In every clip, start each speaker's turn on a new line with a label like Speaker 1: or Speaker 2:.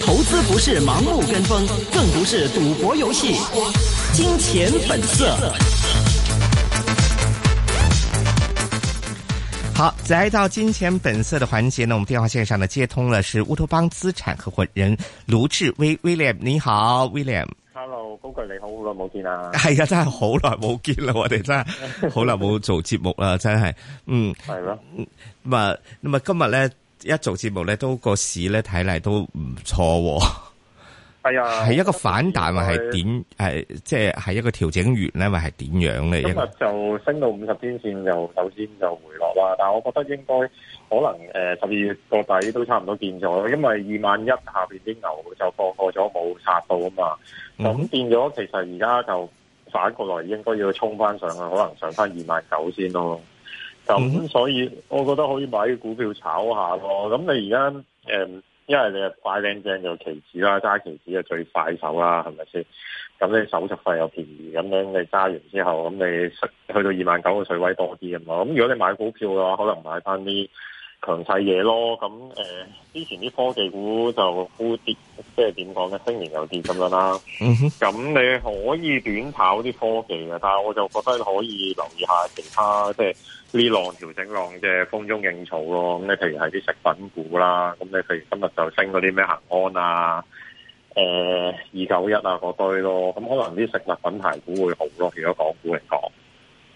Speaker 1: 投資不是盲目跟風，更不是賭博遊戲。金錢本色。好，來到金錢本色的環節呢，我們電話線上呢接通了，是烏托邦資產合夥人盧志威 William，你好，William。
Speaker 2: hello，高哥你好，好耐冇見啊！係啊，真係
Speaker 1: 好耐冇見啦，我哋真係好耐冇做節目啦，真係，嗯，係咯，咁啊，咁啊，今日咧一做節目咧，都個市咧睇嚟都唔錯。 係啊，係一個反彈，或係點？係即係一個調整月咧，或係點樣咧？今日
Speaker 2: 就升到五十天綫，又首先就回落啦。但係我覺得應該可能誒，十二月底都差唔多見咗，因為二萬一下邊啲牛就放過咗，冇殺到啊嘛。咁變咗，其實而家就反過來應該要衝翻上啊，可能上翻二萬九先咯。咁、嗯嗯、所以我覺得可以買股票炒一下咯。咁你而家誒？呃因為你又快靚正就期指啦，揸期指就最快手啦，係咪先？咁你手續費又便宜，咁樣你揸完之後，咁你去到二萬九嘅水位多啲吖嘛。咁如果你買股票嘅話，可能買翻啲強勢嘢咯。咁誒、呃，之前啲科技股就沽跌，即係點講咧？升完又跌咁樣啦。咁、mm -hmm。你可以短炒啲科技嘅，但係我就覺得你可以留意下其他即係。呢浪調整浪即係風中勁草咯，咁你譬如係啲食品股啦，咁你譬如今日就升嗰啲咩恒安啊，誒，二九一啊嗰堆咯，咁可能啲食物品牌股會好咯，如果港股嚟講。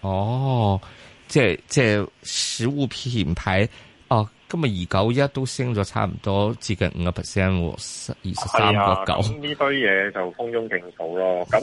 Speaker 1: 哦，即係即係食物品牌，哦，今日二九一都升咗差唔多接近五個 percent，二十三個九。
Speaker 2: 呢堆嘢就風中勁草咯，咁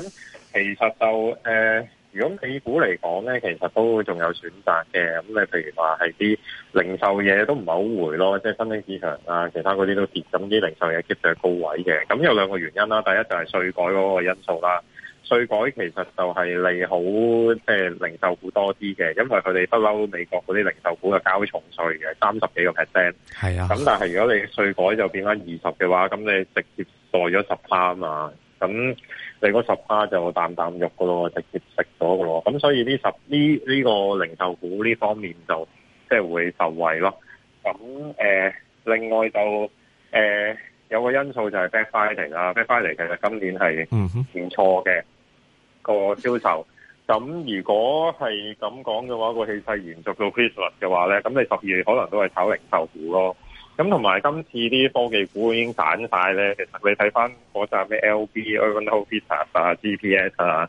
Speaker 2: 其實就誒。呃如果美股嚟講咧，其實都仲有選擇嘅。咁你譬如話係啲零售嘢都唔係好回咯，即係新興市場啊，其他嗰啲都跌。咁啲零售嘢 keep 住高位嘅。咁有兩個原因啦，第一就係稅改嗰個因素啦。稅改其實就係利好即係零售股多啲嘅，因為佢哋不嬲美國嗰啲零售股嘅交重稅嘅，三十幾個 percent。係啊。咁但係如果你稅改就變翻二十嘅話，咁你直接代咗十趴啊嘛。咁你嗰十趴就啖啖肉噶咯，直接食咗噶咯。咁所以呢十呢呢、這個零售股呢方面就即係會受惠咯。咁誒、呃，另外就誒、呃、有個因素就係 Black Friday 啦、mm -hmm. Black Friday 其實今年係唔錯嘅個銷售。咁如果係咁講嘅話，那個氣勢延續到 Christmas 嘅話咧，咁你十二月可能都係炒零售股咯。咁同埋，今次啲科技股已經散晒咧。其實你睇翻嗰扎咩 L B、u n o Visa 啊、G P S 啊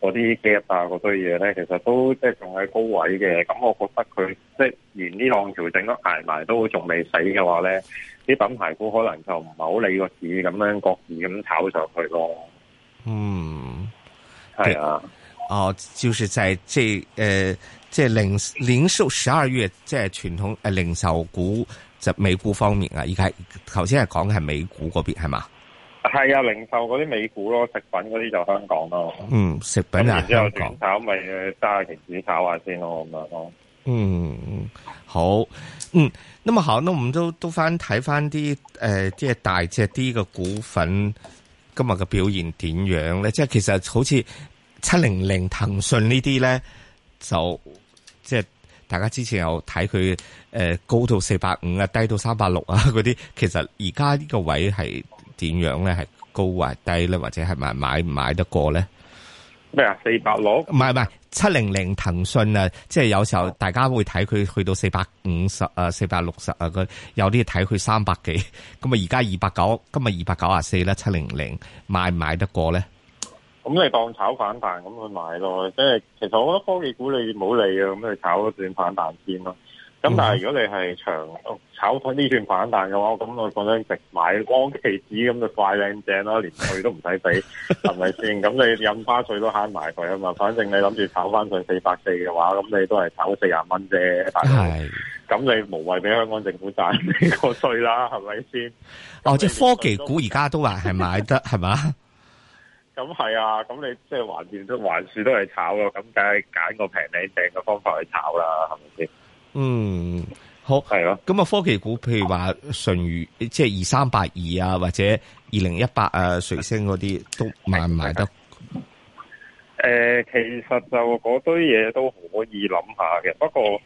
Speaker 2: 嗰啲 gap 啊，嗰堆嘢咧，其實都即係仲喺高位嘅。咁我覺得佢即係連呢浪調整都挨埋，都仲未死嘅話咧，啲品牌股可能就唔係好理個市咁樣各自咁炒上去咯。嗯，
Speaker 1: 係啊，哦，就是就係即係誒即係零零售十二月，即係傳統誒零售股。就美股方面啊，而家頭先係講嘅係美股嗰邊係嘛？
Speaker 2: 係啊，零售嗰啲美股咯，食品嗰啲就香港咯。
Speaker 1: 嗯，食品啊，香港。然後
Speaker 2: 炒咪誒，揸住煮炒下先咯，咁樣
Speaker 1: 咯。嗯好。嗯，咁啊好，咁、嗯，我哋都都翻睇翻啲誒，即係大隻啲嘅股份，今日嘅表現點樣咧？即係其實好似七零零騰訊這些呢啲咧，就即係。大家之前有睇佢誒，高到四百五啊，低到三百六啊，嗰啲其實而家呢個位係點樣咧？係高或低咧？或者係咪買唔買得過咧？咩啊？四百六唔係，唔係七零零騰訊啊？即係有時候大家會睇佢去到四百五十啊，四百六十啊，有啲睇佢三百幾。咁啊而家二百九，今日二百九啊四啦，七零零買唔買得過咧？
Speaker 2: 咁你當炒反彈咁去買咯，即係其實我覺得科技股你冇理啊，咁你炒咗段反彈先咯。咁但係如果你係長炒咗呢段反彈嘅話，咁我放張直買，光期指咁就快靚正咯，連稅都唔使俾，係咪先？咁你印花稅都慳埋佢啊嘛。反正你諗住炒翻佢四百四嘅話，咁你都係炒四廿蚊啫，但係。咁你無謂俾香港政府賺呢個稅啦，係咪先？ 哦，即係科技股而
Speaker 1: 家都話係買得，係 嘛？
Speaker 2: 咁係啊，咁你即係橫掂都橫豎都係炒咯，咁梗係揀個平靚正嘅方法去炒啦，係咪先？
Speaker 1: 嗯，好係咯。咁啊，科技股譬如話舜宇，即係二三八二啊，或者二零一八啊，瑞聲嗰啲都買唔買得？
Speaker 2: 誒、呃，其實就嗰堆嘢都可以諗下嘅，不過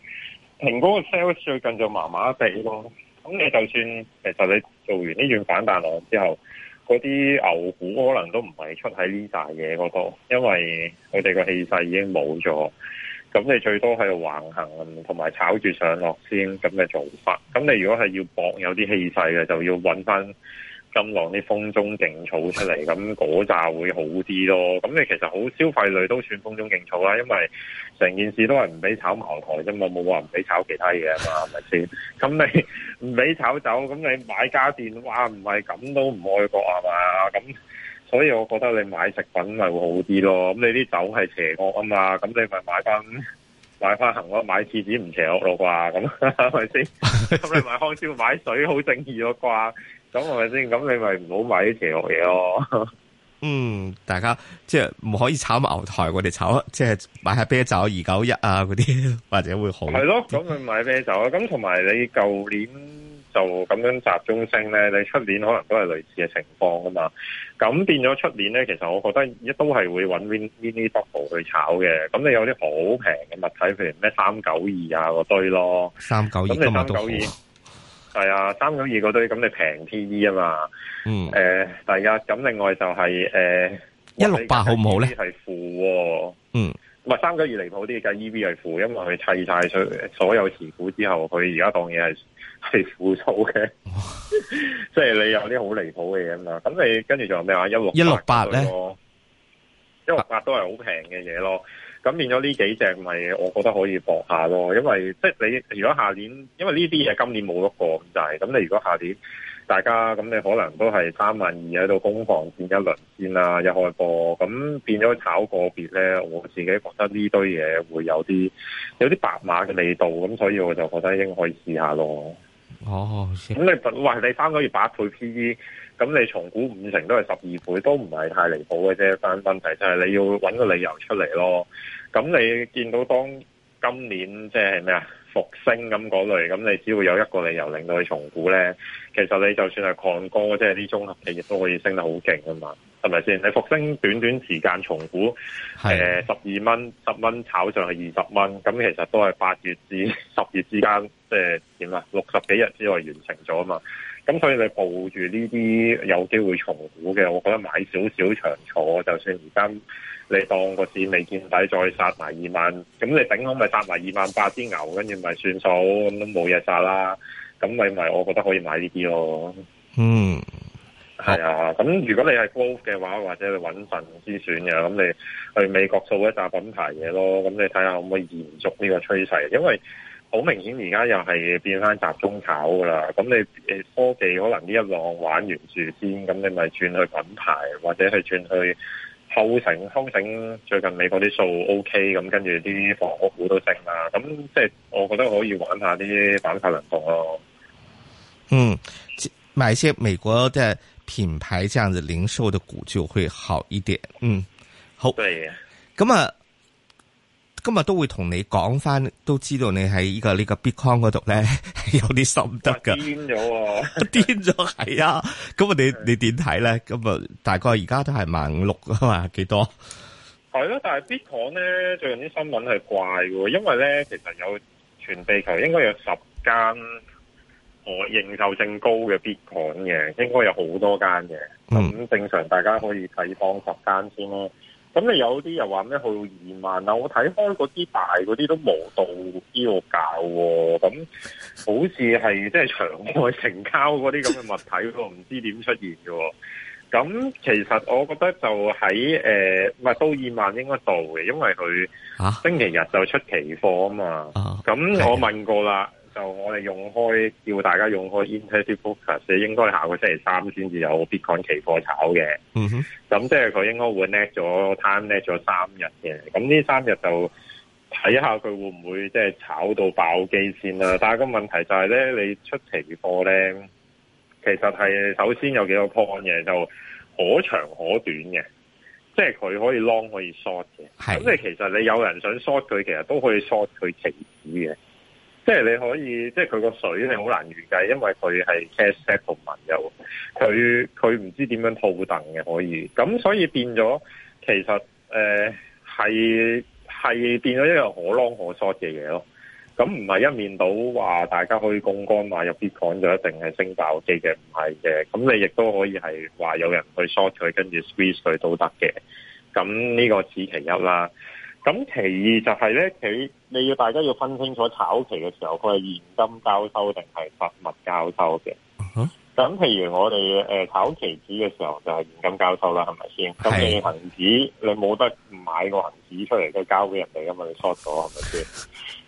Speaker 2: 蘋果個 sales 最近就麻麻地咯。
Speaker 3: 咁你就算
Speaker 2: 其實你做完呢段反彈浪之後。嗰啲牛股可能都唔係出喺呢大嘢嗰度，因為佢哋個氣勢已經冇咗，咁你最多係橫行，同埋炒住上落先咁嘅做法。咁你如果係要搏有啲氣勢嘅，就要揾翻。金浪啲風中勁草出嚟，咁嗰扎會好啲咯。咁你其實好消費類都算風中勁草啦，因為成件事都係唔俾炒茅台啫嘛，冇話唔俾炒其他嘢啊嘛，係咪先？咁你唔俾炒酒，咁你買家電，哇唔係咁都唔愛國啊嘛。咁所以我覺得你買食品咪會好啲咯。咁你啲酒係邪惡啊嘛，咁你咪買翻買翻行咯，買廁紙唔邪惡咯啩？咁咪先？咁 你買康超買水好正義咯啩？咁係咪先？咁你咪唔好買啲邪嘢咯。嗯，
Speaker 1: 大家即係唔可以炒牛台，我哋炒即係買下啤酒二九一啊，嗰啲或者會好。係
Speaker 2: 咯，咁去買啤酒啊。咁同埋你舊年就咁樣集中升咧，你出年可能都係類似嘅情況啊嘛。咁變咗出年咧，其實我覺得一都係會揾 win win double 去炒嘅。咁你有啲好平嘅物體，體譬如咩三九二啊嗰堆咯，
Speaker 1: 三九二今日 d
Speaker 2: 係啊，三九二嗰堆咁你平 P E 啊嘛，嗯，誒、呃，大家咁另外就係誒
Speaker 3: 一六八好唔好咧？係
Speaker 2: 負，嗯，唔係三九二離譜啲嘅 E V 係負，因為佢砌晒所所有持股之後，佢而家當嘢係係負數嘅，即 係 你有啲好離譜嘅嘢咁啦。咁你跟住仲有咩話？一六一六八咧，一六八都係好平嘅嘢咯。咁變咗呢幾隻咪，我覺得可以搏下咯，因為即係你如果下年，因為呢啲嘢今年冇得過，咁係咁你如果下年大家咁，你可能都係三萬二喺度攻防戰一輪先啦、啊，一開波咁變咗炒個別咧，我自己覺得呢堆嘢會有啲有啲白馬嘅味道，咁所以我就覺得應該可以試下咯。
Speaker 3: 哦，咁
Speaker 2: 你話你三個月八倍 PE，咁你重估五成都係十二倍，都唔係太離譜嘅啫。但問題就係你要揾個理由出嚟咯。咁你見到當今年即係咩啊，復星咁嗰類，咁你只要有一個理由令到你重估呢，其實你就算係抗歌，即係啲綜合企業都可以升得好勁啊嘛。係咪先？你復星短短時間重估，誒十二蚊十蚊炒上去二十蚊，咁其實都係八月至十月之間，即係點啊？六十幾日之內完成咗嘛？咁所以你抱住呢啲有機會重估嘅，我覺得買少少長坐，就算而家你當個市未見底，再殺埋二萬，咁你頂好咪殺埋二萬八支牛，跟住咪算數，咁都冇嘢殺啦。咁你咪，我覺得可以買呢啲咯。嗯。係啊，咁如果你係 growth 嘅話，或者你穩陣之選嘅，咁你去美國做一紮品牌嘢咯。咁你睇下可唔可以延續呢個趨勢？因為好明顯而家又係變翻集中炒噶啦咁你科技可能呢一浪玩完住先，咁你咪轉去品牌或者轉去轉去 housing，最近美國啲數 OK，咁跟住啲房屋股都升啦。咁即係我覺得可以玩下啲板塊輪動咯。嗯，
Speaker 1: 買些美國嘅品牌這樣子零售的股就會好一點。嗯，好。對。咁啊，今日都會同你講翻，都知道你喺呢個呢個 Bitcoin 嗰度咧有啲心得噶、啊。
Speaker 2: 癲咗，
Speaker 1: 癲咗係啊！咁 啊， 你你點睇咧？咁啊，大概而家都係萬五六啊嘛，幾多？
Speaker 2: 係咯，但係 Bitcoin 咧最近啲新聞係怪嘅，因為咧其實有全地球應該有十間。我認受性高嘅必講嘅，應該有好多間嘅。咁、嗯、正常大家可以睇放十間先咯、啊。咁你有啲又話咩去到二萬啊？我睇開嗰啲大嗰啲都冇到呢個價喎、啊。咁好似係即係場外成交嗰啲咁嘅物體都、啊、唔 知點出現嘅、啊。咁其實我覺得就喺咪唔係都二萬應該到嘅，因為佢星期日就出期貨啊嘛。咁、啊、我問過啦。 就我哋用開叫大家用開 Interactive Brokers，應該下個星期三先至有 Bitcoin 期貨炒嘅。
Speaker 3: 嗯
Speaker 2: 哼，咁即係佢應該會 net 咗，time net 咗三日嘅。咁呢三日就睇下佢會唔會即係炒到爆機先啦。但係個問題就係咧，你出期貨咧，其實係首先有幾個 point 嘅，就是、可長可短嘅，即係佢可以 long 可以 short 嘅。係。咁即係其實你有人想 short 佢，其實都可以 short 佢期指嘅。即係你可以，即係佢個水你好難預計，因為佢係 cash settlement 㗎喎，佢佢唔知點樣套凳嘅可以，咁所以變咗其實係係、呃、變咗一樣可 long 可 short 嘅嘢咯。咁唔係一面倒話大家可以槓桿買入啲港就一定係升爆機嘅，唔係嘅。咁你亦都可以係話有人去 short 佢，跟住 squeeze 佢都得嘅。咁呢個此其一啦。咁其二就係、是、咧，佢你要大家要分清楚炒期嘅時候，佢係現金交收定係實物交收嘅。咁、嗯、譬如我哋、呃、炒期指嘅時候，就係現金交收啦，係咪先？咁、嗯、你恒指你冇得買個恒指出嚟都交俾人哋啊嘛，你錯咗係咪先？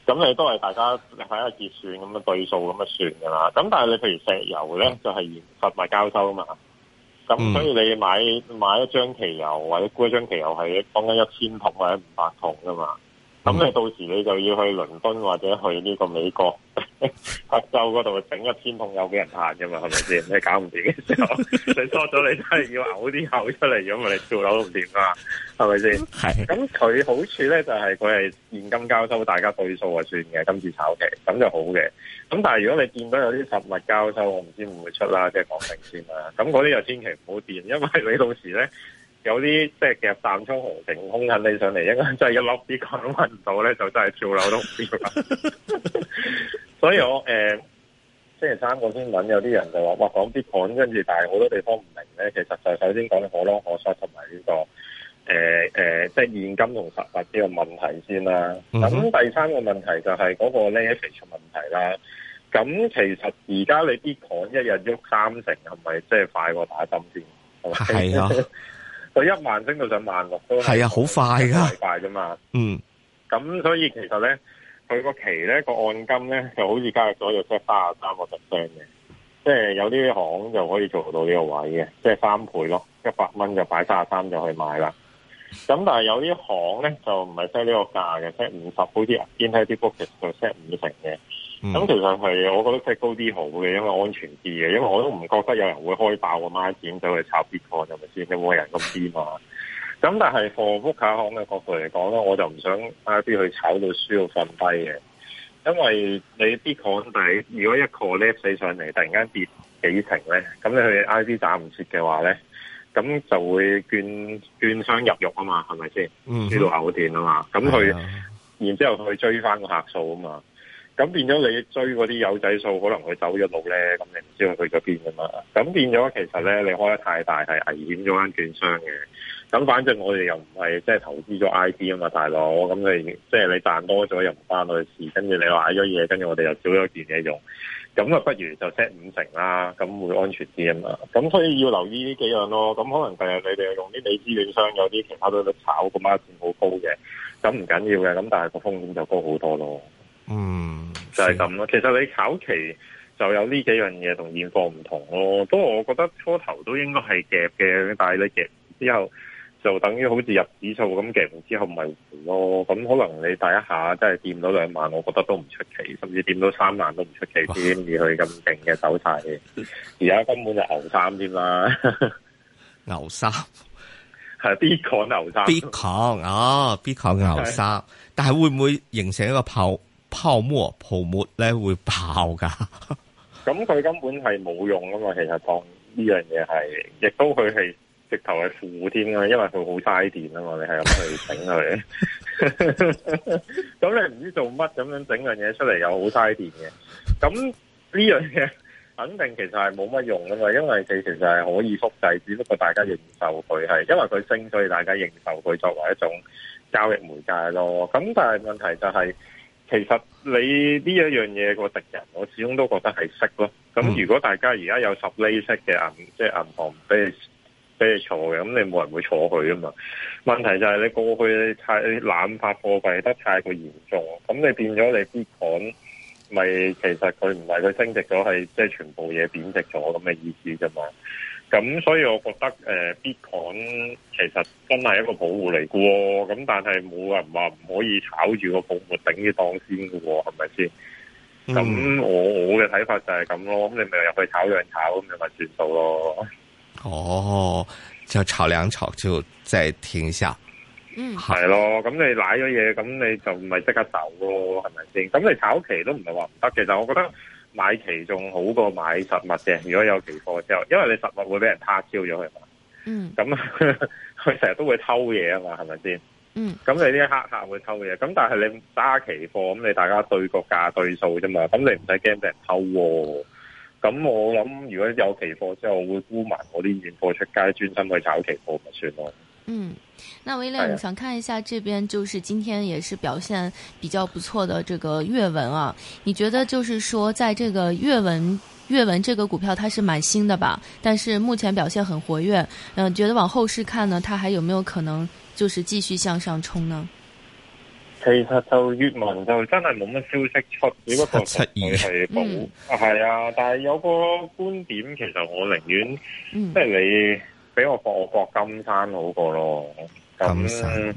Speaker 2: 咁 你都係大家睇下結算咁嘅對數咁啊算㗎啦。咁但係你譬如石油咧、嗯，就係、是、現實物交收啊嘛。咁、嗯、所以你買買一張期油或者沽一張期油，係放緊一千桶或者五百桶噶嘛。咁、嗯、你到時你就要去倫敦或者去呢個美國、德州嗰度整一千桶油俾人行嘅嘛，係咪先？你搞唔掂嘅時候， 你多咗你真係要嘔啲口出嚟，咁你跳樓都唔掂啊？係咪先？係。咁佢好處咧就係佢係現金交收，大家對數啊算嘅，今次炒期咁就好嘅。咁但係如果你見到有啲實物交收，我唔知會唔會出啦，即係講定先啦。咁嗰啲就千祈唔好掂，因為你到時咧。有啲即係夾淡沖紅情，空緊你上嚟，應該就係一落跌港運到呢，就真係跳樓都唔知啦。 所以我誒、呃、星期三個先文有啲人就話，哇，講跌港，跟住但係好多地方唔明呢，其實就首先講啲可滄可桑同埋呢個誒、呃、即係現金同實物呢個問題先啦。咁、mm -hmm. 第三個問題就係嗰個呢，leverage 問題啦。咁其實而家你跌港一日喐三成，係咪即係快過打針先？係 啊。就一萬升到上萬六，係啊，好快噶、啊，快啫嘛。嗯，咁所以其實咧，佢個期咧個按金咧就好似加入咗，就 set 三十三個巴仙嘅，即係有啲行就可以做到呢個位嘅，即係三倍咯，一百蚊就擺三十三就去買啦。咁但係有啲行咧就唔係 set 呢個價嘅，set 五十，好似邊喺啲 bookings 就 set 五成嘅。咁、嗯嗯、其實係，我覺得踢高啲好嘅，因為安全啲嘅，因為我都唔覺得有人會開爆個孖展走去炒 Bitcoin，係咪先？有冇人咁癲嘛？咁 但係從屋卡行嘅角度嚟講咧，我就唔想 I B 去炒到輸到瞓低嘅，因為你 Bitcoin 底如果一 collapse 上嚟，突然間跌幾成咧，咁你 I B 打唔切嘅話咧，咁就會劵劵商入肉啊嘛，係咪先？輸、嗯、到嘔電啊嘛，咁、嗯、佢、嗯、然之後去追翻個客數啊嘛。咁變咗你追嗰啲有仔數，可能佢走咗路咧，咁你唔知佢去咗邊噶嘛？咁變咗其實咧，你開得太大係危險咗間券商嘅。咁反正我哋又唔係即係投資咗 IT 啊嘛，大佬。咁你即係你賺多咗又唔關我哋事，跟住你買咗嘢，跟住我哋又少咗件嘢用。咁啊，不如就 set 五成啦，咁會安全啲啊嘛。咁所以要留意呢幾樣咯。咁可能第日你哋用啲美資券商，有啲其他都炒，個孖展好高嘅。咁唔緊要嘅，咁但係個風險就高好多咯。嗯，就係咁咯。其實你炒期就有呢幾樣嘢同現貨唔同咯。不過我覺得初頭都應該係夾嘅，但係你夾之，之後就等於好似入指數咁夾，之後咪回咯。咁可能你第一下真係掂到兩萬，我覺得都唔出奇，甚至掂到三萬都唔出奇。先而佢咁勁嘅走勢，而家根本就牛三添啦。
Speaker 1: 牛三
Speaker 2: 係 B 礦牛三，B 牛啊 b
Speaker 1: 礦牛三，哦牛三 okay。但係會唔會形成一個泡？泡沫泡沫咧會爆噶，
Speaker 2: 咁佢根本係冇用噶嘛。其實當呢 樣嘢係，亦都佢係直頭係負添啊嘛，因為佢好嘥電啊嘛。你係咁去整佢，咁你唔知做乜咁樣整樣嘢出嚟，又好嘥電嘅。咁呢樣嘢肯定其實係冇乜用噶嘛，因為佢其實係可以複製，只不過大家認受佢係，因為佢升，所以大家認受佢作為一種交易媒介咯。咁但係問題就係、是。其實你呢一樣嘢個敵人，我始終都覺得係息咯。咁如果大家而家有十厘息嘅銀，即係銀行俾你俾你坐嘅，咁你冇人會坐佢啊嘛？問題就係你過去太濫發貨幣得太過嚴重，咁你變咗你必講，咪其實佢唔係佢升值咗，係即係全部嘢貶值咗咁嘅意思啫嘛。咁、嗯、所以，我覺得誒、呃、Bitcoin 其實真係一個泡沫嚟嘅喎，咁但係冇人話唔可以炒住個泡沫頂住檔先嘅喎、哦，係咪先？咁、嗯嗯、我我嘅睇法就係咁咯，咁你咪入去炒兩炒，咁你咪算數咯。
Speaker 1: 哦，就炒兩炒就再停一下，
Speaker 2: 嗯，係咯，咁、嗯嗯嗯嗯、你瀨咗嘢，咁你就唔係即刻走咯，係咪先？咁你炒期都唔係話唔得，其實我覺得。買期仲好過買實物嘅，如果有期貨之後，因為你實物會俾人偷燒咗去嘛，
Speaker 3: 嗯、
Speaker 2: mm.，咁佢成日都會偷嘢啊嘛，係咪先？嗯，咁你啲黑客會偷嘢，咁但係你揸期貨，咁你大家對個價對數啫嘛，咁你唔使驚俾人偷、啊。咁我諗如果有期貨之後會沽埋我啲現貨出街，專心去炒期貨咪
Speaker 3: 算咯。
Speaker 4: 嗯，那威廉，你想看一下這邊，就是今天也是表現比較不錯的這個閱文啊？你覺得就是說，在這個閱文閱文這個股票它是蠻新的吧？但是目前表現很活躍，嗯、呃，覺得往後市看呢，它還有沒有可能就是繼續向上衝呢？
Speaker 3: 其實就
Speaker 2: 閱文就真係冇乜消息出，如果過七二係
Speaker 3: 冇
Speaker 2: 啊，係啊。但係有個觀點，其實我寧願，即、嗯、係、就是、你。俾我博我金山好過咯，咁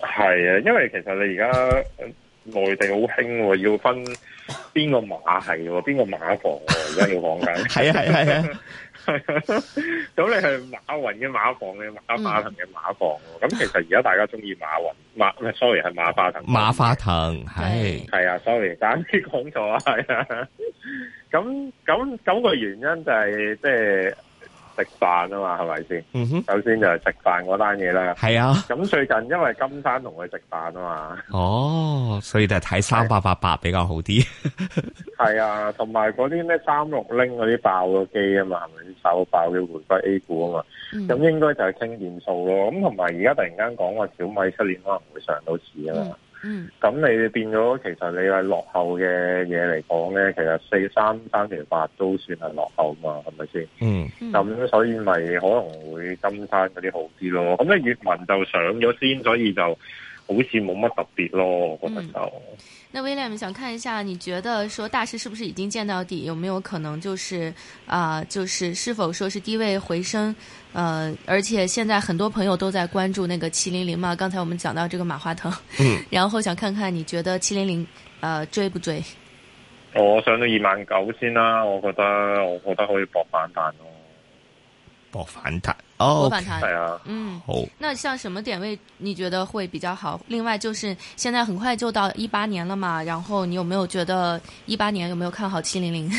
Speaker 2: 係啊，因為其實你而家內地好興要分邊個馬係，邊個馬房，而 家要講緊。係啊係啊係啊，咁、啊啊、 你係馬雲嘅馬房嘅馬馬騰嘅馬房，咁、嗯、其實而家大家中意馬雲馬，sorry 係馬化騰。
Speaker 1: 馬化騰係
Speaker 2: 係啊，sorry，講錯係啊，咁咁咁個原因就係即係。就是食飯啊嘛，係咪先？首先就係食飯嗰單嘢啦。係、嗯、啊，咁最近因為金山同佢食飯啊嘛。哦，
Speaker 1: 所以就係睇三八八八比較好啲。
Speaker 2: 係啊，同埋嗰啲咩三六零嗰啲爆咗機啊嘛，係咪？手爆嘅回歸 A 股啊嘛，咁、嗯、應該就係傾現數咯。咁同埋而家突然間講話小米七年可能會上到市啊嘛。嗯嗯，咁你變咗，其實你係落後嘅嘢嚟講咧，其實四三三零八都算係落後㗎嘛，係咪先？嗯，咁所以咪可能會金山嗰啲好啲咯。咁你粵文就上咗先，所以就。好似冇乜特別咯，我覺
Speaker 3: 得就、
Speaker 4: 嗯。那 William 想看一下，你覺得說大市是不是已經見到底？有沒有可能就是，啊、呃，就是是否說是低位回升？呃，而且現在很多朋友都在關注那個七零零嘛。剛才我們講到這個馬化騰，嗯、然後想看看你覺得七零零，呃，追不追？
Speaker 2: 哦、我上到二萬九先啦，我覺得我覺得可以博反彈咯，博反彈。哦
Speaker 4: 反彈，係啊，嗯，好、oh.。那像什麼點位你覺得會比較好？Oh. 另外，就是現在很快就到一八年了嘛，然後你有沒有覺得一八年有沒有看好七零零？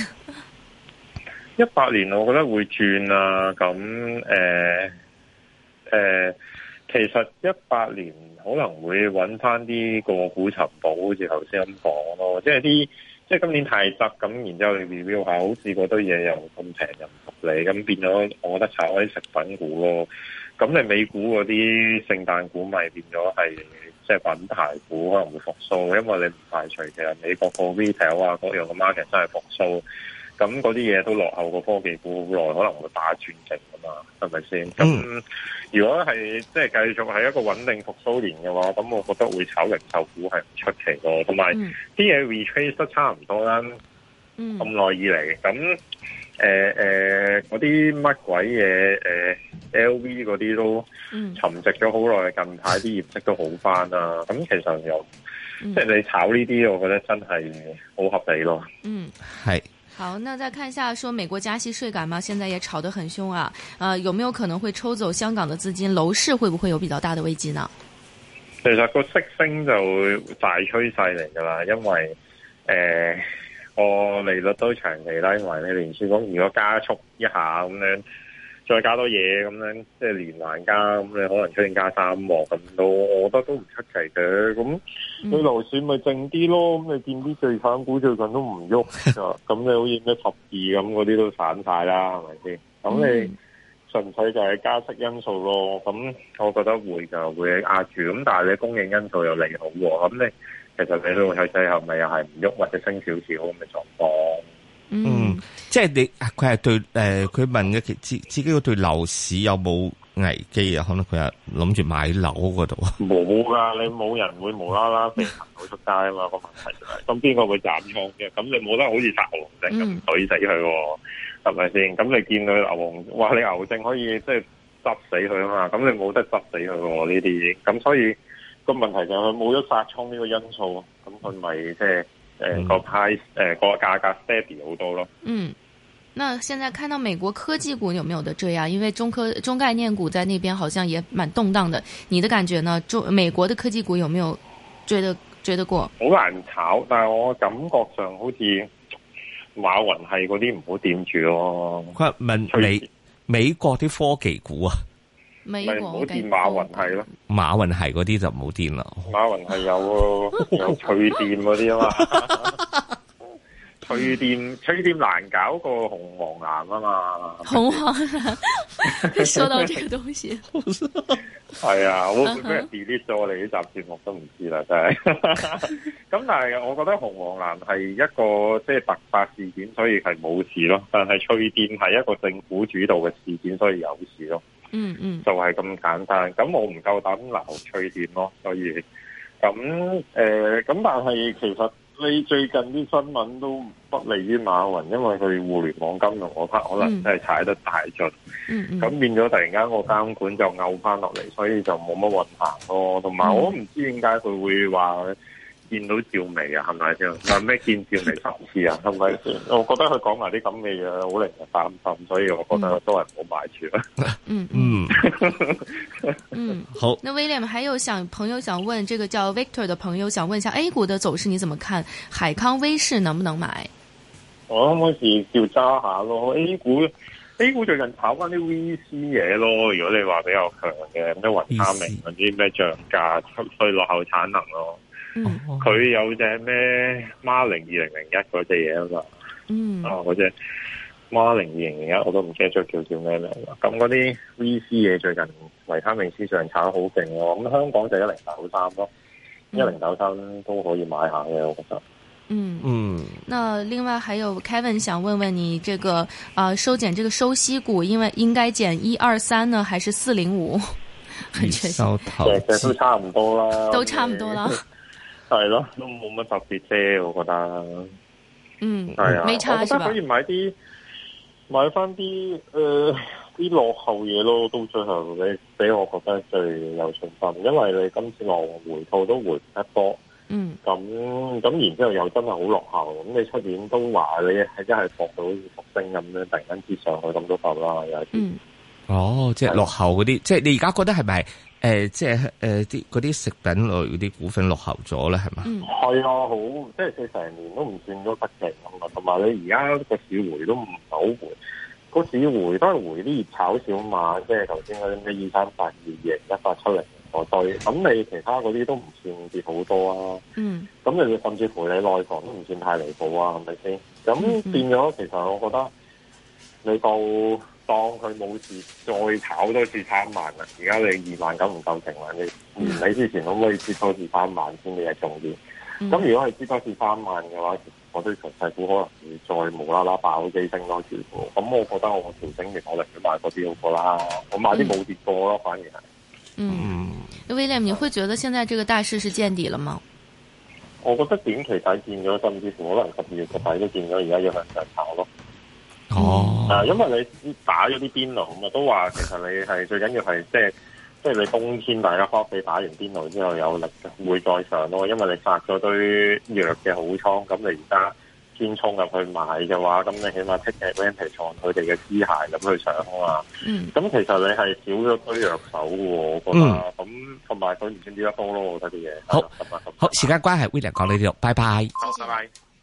Speaker 2: 一八年我覺得會轉啊，咁誒誒，其實一八年可能會揾翻啲個股尋寶，好似頭先咁講咯，即係啲。即係今年太滯，咁然之後你 review 下，好似嗰堆嘢又咁平又合理，咁變咗我覺得炒啲食品股咯。咁你美股嗰啲聖誕股咪變咗係即係品牌股可能會復甦，因為你唔排除其實美國個 retail 啊嗰樣嘅 market 真係復甦。咁嗰啲嘢都落後個科技股好耐，可能會打轉正㗎嘛，係咪先？咁、mm. 如果係即係繼續係一個穩定復甦年嘅話，咁我覺得會炒零售股係唔出奇咯。同埋啲嘢 retrace 得差唔多啦，
Speaker 3: 咁、mm.
Speaker 2: 耐以嚟，咁誒誒嗰啲乜鬼嘢誒 LV 嗰啲都沉寂咗好耐，近排啲業績都好返啦。咁其實又、mm. 即係你炒呢啲，我覺得真係好合理咯。嗯、mm.，
Speaker 4: 係。好，那再看一下，說美國加息稅感嘛？現在也炒得很凶啊！啊、呃，有沒有可能會抽走香港的資金？樓市會不會有比較大的危機呢？
Speaker 2: 其實個息升就會大趨勢嚟㗎喇，因為誒、呃，我利率都長期拉埋因為你聯儲講如果加速一下咁樣。再加多嘢咁樣，即係連環加咁，你可能出現加三黃咁多，我覺得都唔出奇嘅。咁啲樓市咪靜啲咯？咁你見啲最反股最近都唔喐，咁你好似咩十二咁，嗰啲都散晒啦，係咪先？咁你純粹就係加息因素咯。咁我覺得會就會壓住，咁但係你供應因素又利好，咁你其實你睇睇最後咪又係唔喐或者升少少咁嘅狀況。有
Speaker 1: 嗯，嗯，即係你佢係對誒，佢、呃、問嘅自自己個對樓市有冇危機啊？可能佢係諗住買樓嗰度，冇
Speaker 2: 噶，你冇人會無啦啦飛行到出街啊嘛 個問題就係、是，咁邊個會斬倉嘅？咁你冇得好似打牛證咁懟死佢、哦，係咪先？咁你見到牛王話你牛證可以即係執死佢啊嘛？咁你冇得執死佢喎呢啲，咁所以、那個問題就係佢冇咗殺倉呢個因素，咁佢咪即係。嗯誒，個 price 誒，個價格 steady 好多咯。
Speaker 4: 嗯，那現在看到美國科技股有沒有得追啊？因為中科中概念股在那邊好像也蠻動蕩的。你的感覺呢？中美國的科技股有沒有追得追得過？
Speaker 2: 好難炒，但係我感覺上好似馬雲係嗰啲唔好掂住咯。
Speaker 1: 佢問你美國啲科技股啊？
Speaker 2: 咪唔好掂馬雲係
Speaker 1: 咯，馬雲係嗰啲就唔好掂啦。
Speaker 2: 馬雲係有喎，有趣電嗰啲啊嘛，趣電趣電難搞過紅黃藍啊嘛。紅黃
Speaker 4: 藍，一 到呢個東西，
Speaker 2: 係 啊，我俾人 delete 咗我哋呢集節目，都唔知啦，真係。咁 但係我覺得紅黃藍係一個即係突發事件，所以係冇事咯。但係趣電係一個政府主導嘅事件，所以有事咯。嗯嗯，就係咁簡單，咁我唔夠膽留脆點咯，所以咁誒，咁、呃、但係其實你最近啲新聞都不利於馬雲，因為佢互聯網金融我 p 可能真係踩得太盡，咁、
Speaker 3: mm -hmm。
Speaker 2: 變咗突然間個監管就拗翻落嚟，所以就冇乜運行咯，同埋我唔知點解佢會話。見到趙薇啊，係咪先？嗱咩見趙薇首次啊，係咪？我覺得佢講埋啲咁嘅嘢，好令人擔心，所以我覺得都係唔好買住啦。嗯 嗯
Speaker 4: 嗯，好。那 William 還有想朋友想問，這個叫 Victor 的朋友想問一下 A 股的走勢你怎麼看？海康威視能不能買？
Speaker 2: 我啱開始叫揸下咯，A 股 A 股最近炒翻啲 VC 嘢咯。如果你話比較強嘅，啲維他命嗰啲咩漲價，出去落後產能咯。佢 有隻咩孖零二零零一嗰隻嘢啊嘛，
Speaker 3: 啊嗰隻
Speaker 2: 孖零二零零一我都唔記得咗叫叫咩名啦。咁嗰啲 V C 嘢最近維他命 C 上炒得好勁喎，咁香港就一零九三咯，
Speaker 3: 一
Speaker 4: 零
Speaker 2: 九三都可以買下嘅我覺得。嗯嗯，
Speaker 4: 那另外還有 Kevin 想問問你，這個啊、呃、收減這個收息股，因為應該減一二三呢，還是四零五？
Speaker 3: 收頭，其實都
Speaker 2: 差唔多啦，都差唔多啦。 係咯，都冇乜特別啫，我覺得。嗯，
Speaker 3: 係啊差是，我覺得可以
Speaker 2: 買啲買翻啲誒啲落後嘢咯，到最後你俾我覺得最有信心，因為你今次落回吐都回得多。嗯。咁咁，然之後又真係好落後，咁你出面都話你係真係搏到復星咁樣，突然間跌上去咁都得啦。有、
Speaker 3: 嗯、
Speaker 1: 哦、哦，即係落後嗰啲，即係你而家覺得係咪？誒、呃，即係誒，啲嗰啲食品類啲股份落後咗啦，係嘛？嗯，
Speaker 3: 係咯、啊，
Speaker 2: 好，即係佢成年都唔算咗不咁啊。同埋你而家個市回都唔好回，個市回都係回啲熱炒小碼，即係頭先嗰啲咩二三八二、二零一八七零我對。咁你其他嗰啲都唔算跌好多啊。嗯。咁你甚至乎你內房都唔算太離譜啊，係咪先？咁變咗，其實我覺得你到。當佢冇事，再炒多次三萬啦。而家你二萬咁唔夠成穩，你唔理之前可唔可以接多次三萬先？你係重要咁，如果係接多次三萬嘅話，我都從細股可能會再無啦啦爆幾升咯，住咁我覺得我調整完可能嘅話，嗰啲好過啦。我買啲冇跌過咯，反而
Speaker 4: 係。嗯，William，、嗯、你會覺得現在這個大市是見底了嗎？
Speaker 2: 我覺得短期睇見咗，甚至乎可能十二月嗰底都見咗，而家要向上炒咯。哦，啊，因為你打咗啲邊爐咁都話，其實你係最緊要係即係，即係你冬天大家返屋企打完邊爐之後有力，會再上咯。因為你發咗堆弱嘅好倉，咁你而家先衝入去買嘅話，咁你起碼 take advantage 佢哋嘅屍骸咁去上啊嘛。嗯，咁其實你係少咗堆弱手
Speaker 3: 嘅，我覺得。嗯、mm。咁同埋佢唔算跌得多咯，睇啲嘢。好，咁啊，好，
Speaker 1: 好時間關係，William 講你哋，拜拜。拜
Speaker 3: 拜。